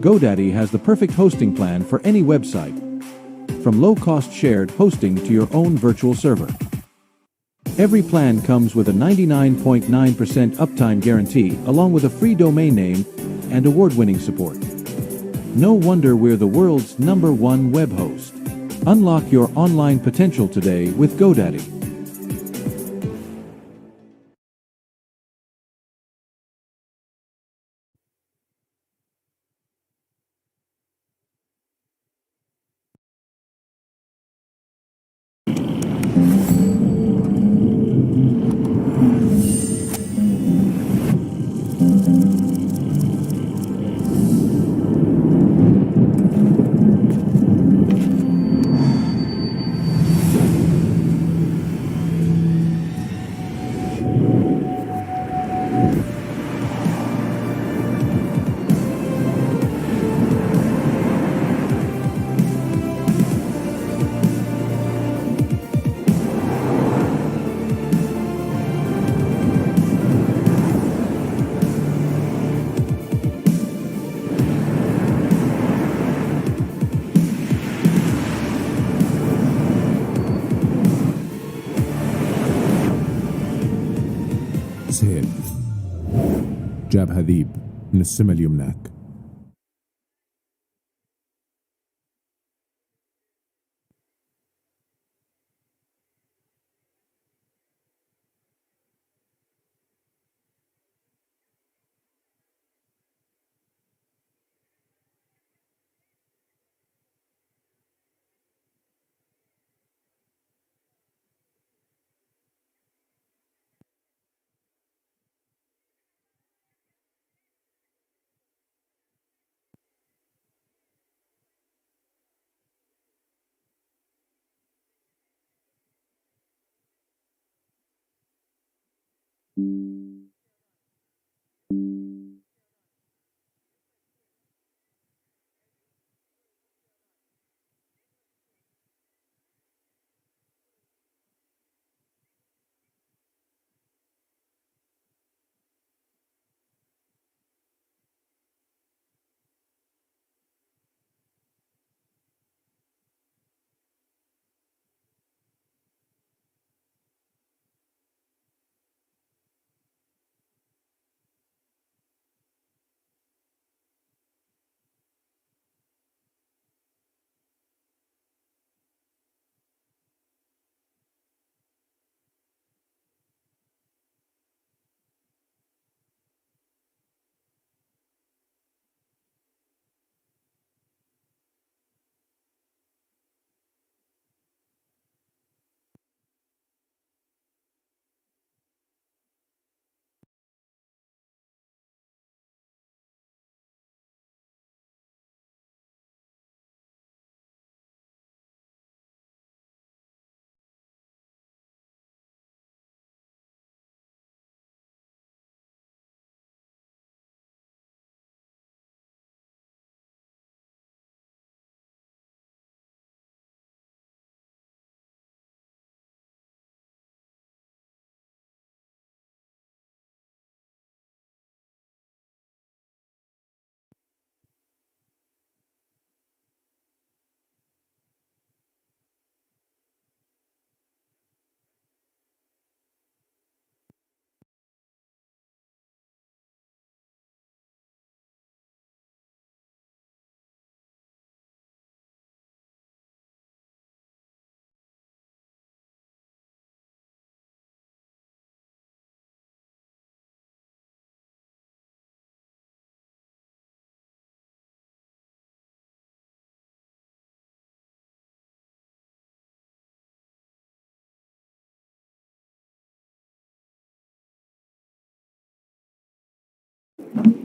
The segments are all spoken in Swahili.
GoDaddy has the perfect hosting plan for any website, from low cost shared hosting to your own virtual server. Every plan comes with a 99.9% percent uptime guarantee, along with a free domain name and award winning support. No wonder we're the world's number one web host. Unlock your online potential today with GoDaddy. جابها ذيب من السما اليمناك Thank you.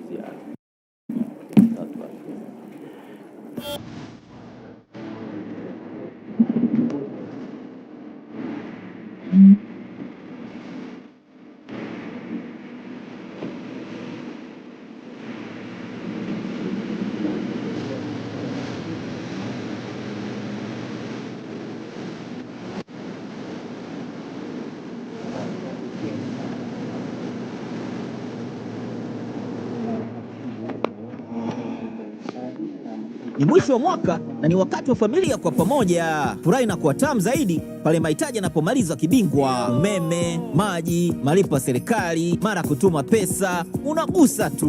e muito fomoca. na ni wakati wa familia kwa pamoja. Furaha inakuwa tamu zaidi pale mahitaji yanapomalizwa kibingwa: umeme, maji, malipo ya serikali, mara kutuma pesa, unagusa tu.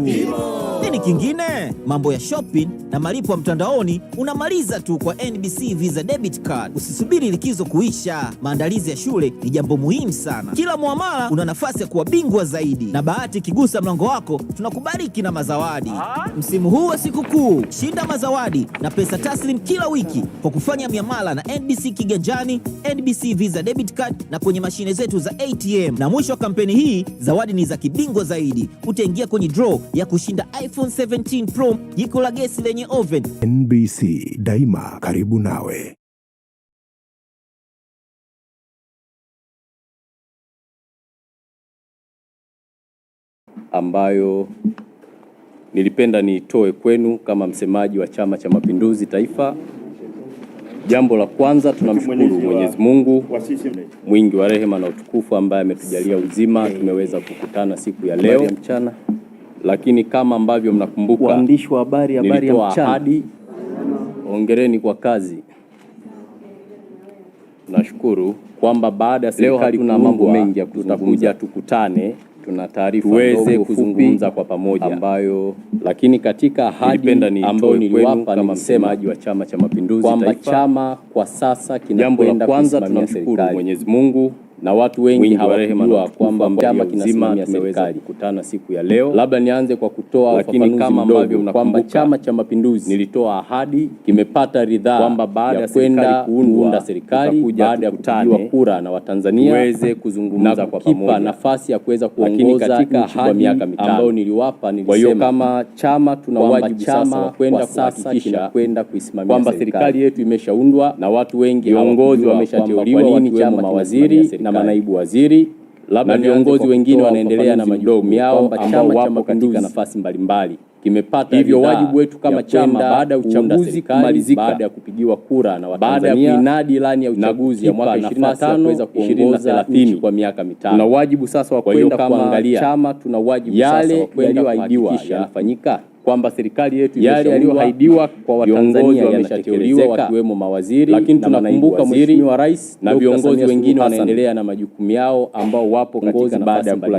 Nini kingine? Mambo ya shopping na malipo ya mtandaoni unamaliza tu kwa NBC Visa Debit Card. Usisubiri likizo kuisha. Maandalizi ya shule ni jambo muhimu sana. Kila mwamala una nafasi ya kuwa bingwa zaidi, na bahati ikigusa mlango wako tunakubariki na mazawadi. Ah? Msimu huu wa sikukuu, shinda mazawadi na pesa taslim Stream kila wiki kwa kufanya miamala na NBC Kiganjani, NBC Visa Debit Card na kwenye mashine zetu za ATM. Na mwisho wa kampeni hii, zawadi ni za kibingwa zaidi. Utaingia kwenye draw ya kushinda iPhone 17 Pro, jiko la gesi lenye oven. NBC daima karibu nawe. ambayo nilipenda nitoe kwenu kama msemaji wa Chama cha Mapinduzi Taifa. Jambo la kwanza tunamshukuru Mwenyezi Mungu mwingi wa rehema na utukufu ambaye ametujalia uzima, tumeweza kukutana siku ya leo mchana. Lakini kama ambavyo mnakumbuka, waandishi wa habari, habari ya mchana, ahadi. kwa kazi, nashukuru kwamba baada ya serikali kuna mambo mengi ya kuzungumza, tutakuja tukutane tuna taarifa tuweze kuzungumza kwa pamoja ambayo, lakini katika ahadi ambayo niliwapa kama msemaji wa Chama cha Mapinduzi kwamba chama kwa sasa kinakwenda kusimamia serikali. Tunamshukuru Mwenyezi Mungu na watu wengi hawajua kwamba chama kinasimamia serikali. Kukutana siku ya leo, labda nianze kwa kutoa ufafanuzi kama ambavyo kwamba Chama cha Mapinduzi nilitoa ahadi, kimepata ridhaa kwamba baada ya kwenda kuunda serikali, baada ya kupigiwa kura na Watanzania uweze kuzungumza kwa pamoja, nafasi ya kuweza kuongoza kwa miaka mitano ambayo niliwapa. Nilisema kama chama tuna wajibu sasa wa kwenda kuhakikisha kwenda kuisimamia kwamba serikali yetu imeshaundwa na watu wengi viongozi wameshateuliwa, watu wema, mawaziri na manaibu waziri labda viongozi wengine wanaendelea na majukumu yao ambao wapo katika nafasi mbalimbali kimepata hivyo. Wajibu wetu kama chama baada ya uchaguzi kumalizika, baada ya kupigiwa kura na Watanzania, kuinadi ilani ya uchaguzi ya mwaka 25 kuweza kuongoza 30 kwa miaka mitano, tuna wajibu sasa wa kwenda kuangalia chama, tuna wajibu sasa wa kwenda kuhakikisha yanafanyika kwamba serikali yetu yale yaliyoahidiwa kwa Watanzania yameshatekelezwa wakiwemo mawaziri, lakini tunakumbuka Mheshimiwa Rais na viongozi wengine wanaendelea na majukumu yao ambao wapo katika nafasi